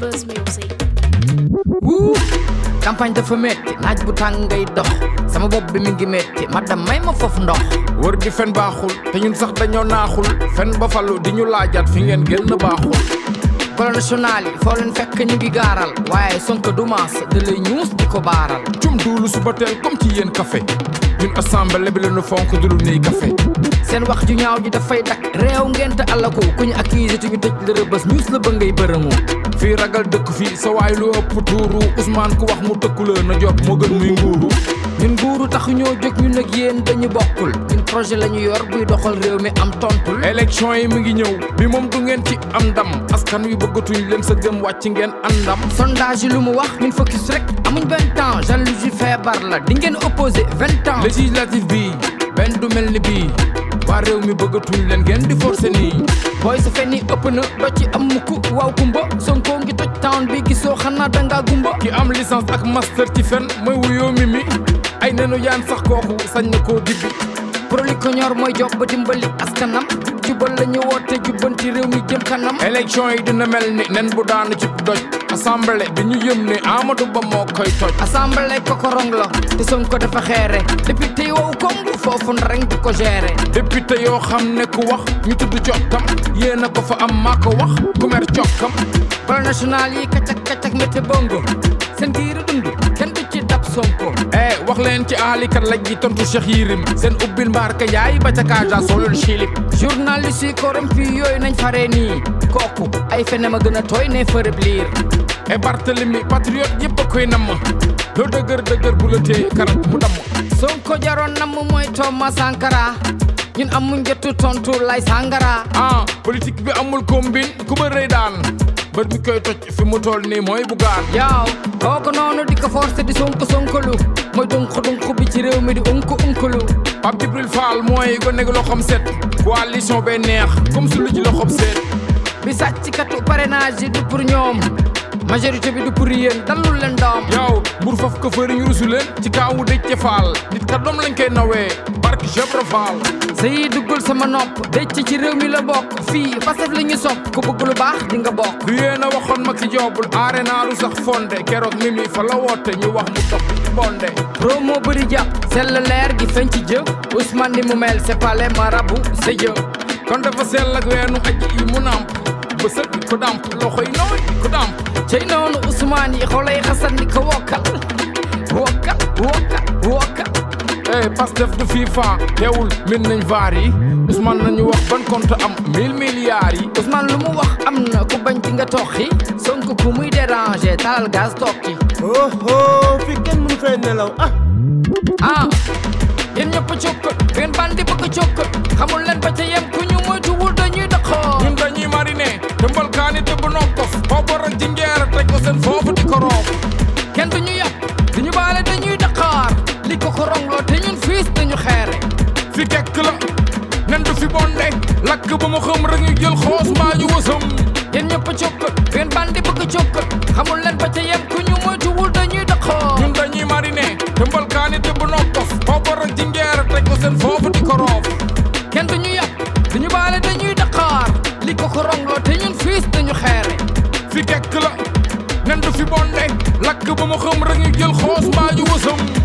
Buzz Music. wuu campagne dafa metti naaj bu tàng ngay dox sama bopp bi mi ngi metti madam may ma foofu ndox. wër di fen baaxul te ñun sax dañoo naaxul fen ba di ñu laajaat fi ngeen génn baaxul. colonne nationale yi foo fekk ñu ngi gaaral waaye Sonko du maas da lay ñuus di ko baaral. cum duulu suba teel comme ci yéen café ñun assemblée bi la ñu fonk du lu néey café seen wax ju ñaaw ji dafay dak réew ngeen te alaku ku ñu accusé tuñu tëj la rëbës ñuus la ba ngay bërëmu fii ragal dëkk fii sa waay lu ëpp tuuru Ousmane ku wax mu dëkkulee na job moo gën muy nguuru ñun nguuru taxu ñoo jóg ñun ak yéen dañu bokkul ñun projet la ñu yor buy doxal réew mi am tontul élection yi mu ngi ñëw bi moom du ngeen ci am ndam askan wi bëggatuñ leen sa gëm wàcc ngeen àndam sondage yi lu mu wax ñun focus rek amuñ vingt ans jalousie bi benn du mel ni bii waa réew mi bëggatuñ leen ngeen di forcer nii booy sa fen yi ëpp na doj ci am mukk waaw kumba Sonko ngi toj town bi gisoo xanaa dangaa gumba ki am licence ak master ci fen mooy wuyoo mi mi ay nenu yaan sax kooku sañ na koo dibbi proli koñor mooy jox ba dimbali askanam jubal la ñu woote jubbanti réew mi jëm kanam élection yi dina mel ni nen bu daanu ci doj assemblée bi ñu yëm ne Amadou Ba moo koy toj assemblée kokorong foofu reng di yoo xam ne ku wax ñu tudd jokkam yéen a ko fa am maa ko wax ku mer jokkam bala national yi kacak kacak mété bongo seen giiru kenn du Sonko eh wax leen ci aalikat tontu Cheikh Yirim seen ubbil mbaar ka yaay ba ca Kaaja soolul chilip journaliste yi yooyu nañ faree kooku ay fenam a gën a tooy ne fërëb liir e Barthélemy patriote yëpp a koy namm loo dëgër dëgër bu la téye mu damm Sonko jaroon namm mooy Thomas Sankara ñun amuñ jotu tontu lay Sankara ah politique bi amul combine ku ba daan mbër mi koy toj fi mu toll nii mooy bugaan yaaw kooku noonu di ko forcé di sonk sonkalu mooy dunk dunk bi ci réew mi di unk unkalu Pape Djibril Fall mooy gone gi loxoom set coalition bee neex comme su ji loxoom set bi sàcckatu parrainage yi du pour ñoom majorité bi du pour yéen dalul leen doom yow mbur faf ko rusu leen ci kaawu dëj ca Fall nit ka doom lañ koy nawee Jëpp Faal sëy duggul sama nopp dëcc ci réew mi la bokk fii Pastef la ñu sopp ku bëgg lu baax di nga bokk du yéen a waxoon ma ki joobul aare naa lu sax fonde keroog mi mi fa la woote ñu wax mu topp ci bonde pro moo leer gi feeñ ci jëf Ousmane ni mu mel c'est pas les marabouts c'est Dieu kon dafa sell ak weenu aj yi mu nàmp ba sëb ko dàmp loxo yi nooy ko dàmp cey noonu Ousmane yi xoolay xasan ni ko wokkal fas def du FIFA teewul min nañ vaar yi nañu wax ban compte am mille milliards yi lu mu wax am na ku nga toxi Sonko ku muy talal gaz tokki oh fi kenn mun fay nelaw ah ah yéen ñëpp a cokk bandi bëgg a cokk ba ca lakk ba mu xam rek ñu jël xoos mbaa ñu wësam yéen ñëpp a cokk yéen bandi bëgg a cokk xamul leen ba ca yem ku ñu moytuwul dañuy daqoo ñun dañuy mariné te mbalkaani te bu noppof poobar ak jingeer teg ko seen foofu di ko roof kenn duñu yàpp duñu baale dañuy daqaar li ko ko rongloo te ñun fiis dañu xeere fi tekk la nen du fi bonde lakk ba mu xam rek ñu xoos mbaa ñu